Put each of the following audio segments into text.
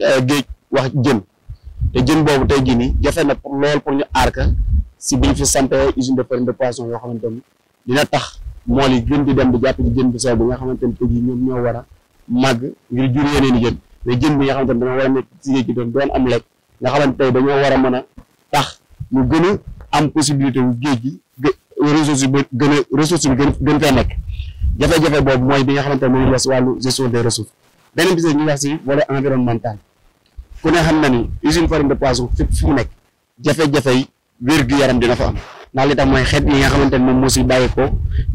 Euh, géej wax jën te jën boobu tey jii nii jafe na pour lool pour ñu aar si biñ fi sant usine de farine de poisson yoo xamante ni dina tax moo yi jën bi dem di jàpp ci jën bu sew bi nga xamante ni tey jii ñoom ñoo war a màgg ngir jur yeneen jën jën bi nga xamante ni dama war a nekk ci géej gi nga xamante tey dañoo war a mën a tax ñu gën a am possibilité wu géej gi ressource bi gën a ressource bi gën gën fee nekk jafe-jafe boobu mooy bi nga xamante ne mooy des wàllu gestion de ressources beneen bi ñu wax si volet environnemental ku ne xam na ni usine farine de poisson fépp fu mu nekk jafe-jafe yi wér-gu-yaram dina fa am ndax li tax mooy xeet yi nga xamante ne moom moo si bàyyeekoo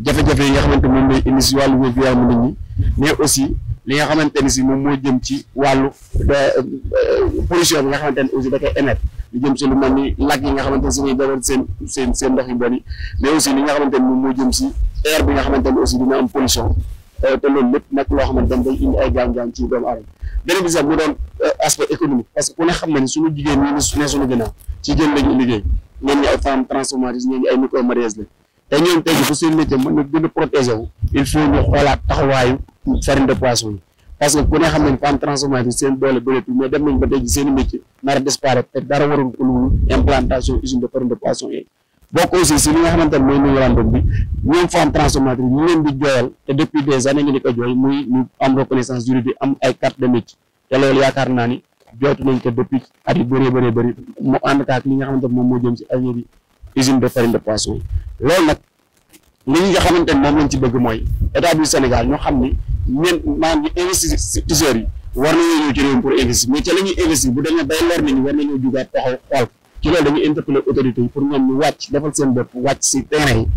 jafe-jafe yi nga xamante moom mooy indi si wàllu wér-gu-yaram aussi li nga xamante ni si moom moo jëm ci wàllu euh, pollution bi nga xamante ne aussi da koy émettre lu jëm si lu mel ni làkk yi nga xamante ne si ñuy defal seen seen seen ndox yu bon yi mais aussi li nga xamante ne moom moo jëm si air bi nga xamante ne aussi dina am pollution Euh, te loolu lépp nekk loo xamante ne day indi ay gaañ-gaañ ci euh, xam na ni suñu jigéen ñi ne suñu ginnaaw ci jigéen lañu seen métier mën na gën a protéger wu il faut ñu xoolaat taxawaayu farine de poisson yi parce que ku ne xam nañ femme transformatrice seen doole bëreetul mais dem nañ ba tey jii métier nar a te dara warul ko implantation usine de farine de poisson yi bokk aussi ci li nga xamantene moy nuyu mémorandum bi ñu fa am transformateur ñu leen di jooyal te depuis des années ñu diko ko muy ñu am reconnaissance juridique am ay carte de métier te lool yaakar na ni jottu nañ ko depuis at yu bari bari bëri mu ànd ak li nga xamantene mom mo jëm ci avenir bi usine de farine de poisson lool nak li nga xamantene mom lañ ci bëgg moy état du Sénégal ñu xamni ñen man di investisseur yi war nañu ñu ci pour investir mais ca la investir bu dañu bay lor nañu war nañu jugaat taxaw xol ci loolu dañuy interpellé autorités yi pour ñoom ñu wàcc defal seen bopp wàcc si terrain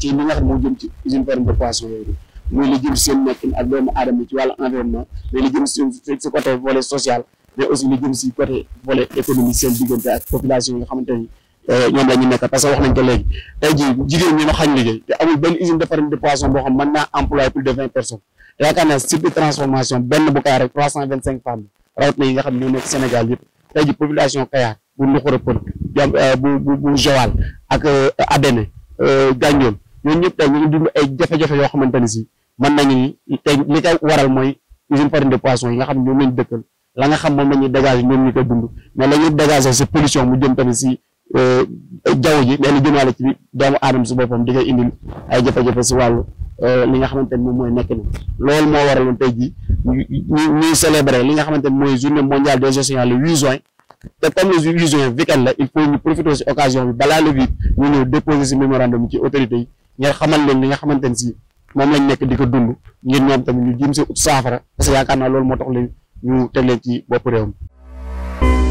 yi nga xam moo jëm ci usine ferme de poisson yooyu muy li jëm seen nekkin ak doomu aadama ci wàllu environnement mais li jëm si si côté volet social mais aussi li jëm si côté volet économique seen diggante ak population yi xamante euh, ñoom la ñu parce que wax nañ ko léegi tey jigéen ñi ma xañ liggéey te amul benn usine de ferme de poisson boo xam mën naa employé plus de vingt personnes benn bu kaay nga xam ne yëpp tey ji population Kayar bu Nduxura Pël euh, bu bu bu Joal ak euh, Abene euh, Gànjool ñooñu ñëpp tey ñu ngi dund ay jafe-jafe yoo xamante ni si man nañu te li koy waral mooy usine farine de poisson yi nga xam ne ñoom lañ dëkkal la nga xam moom la ñuy dégager ñoom ñu koy dund mais la ñuy dégager si pollution mu jëm tamit si jaww ji mais lu jëmaale ci doomu aadama si boppam di koy indi ay jafe-jafe si wàllu li nga xamante ni moom mooy nekk ni loolu moo waraloon tey jii ñuy ñuy célébrer li nga xamante ne mooy journée mondiale des océans le 8 juin te comme le 8 juin weekend la il faut ñu profiter si occasion bi balaa le vide ñu ñëw déposer si mémorandum ci autorité yi ngeen xamal leen li nga xamante ne si moom lañ nekk di ko dund ngir ñoom tamit ñu jëm si ut saafara parce que yaakaar naa loolu moo tax leen ñu teg leen ci bopp réew